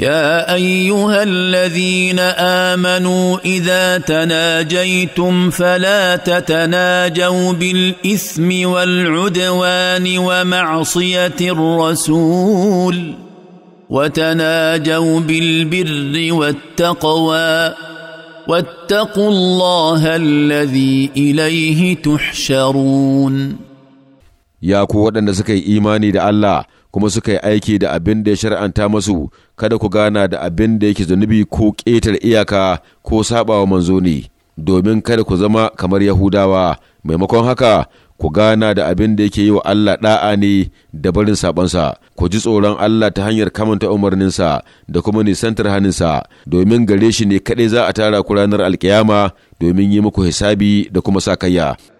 يا ايها الذين امنوا اذا تناجيتم فلا تتناجوا بالاثم والعدوان ومعصيه الرسول وتناجوا بالبر والتقوى واتقوا الله الذي اليه تحشرون ya ku waɗanda suka yi imani da Allah kuma suka yi aiki da abin da ya shar'anta masu kada ku gana da abin da yake zunubi ko ƙetar iyaka ko saɓawa manzo ne domin kada ku zama kamar Yahudawa maimakon haka ku gana da abin da yake yi wa Allah ɗa'a ne da barin saɓansa, ku ji tsoron Allah ta hanyar kamanta sa da kuma nisantar hannunsa, domin gare shi ne kaɗai za a tara ku ranar alkiyama domin yi muku hisabi da kuma sakayya.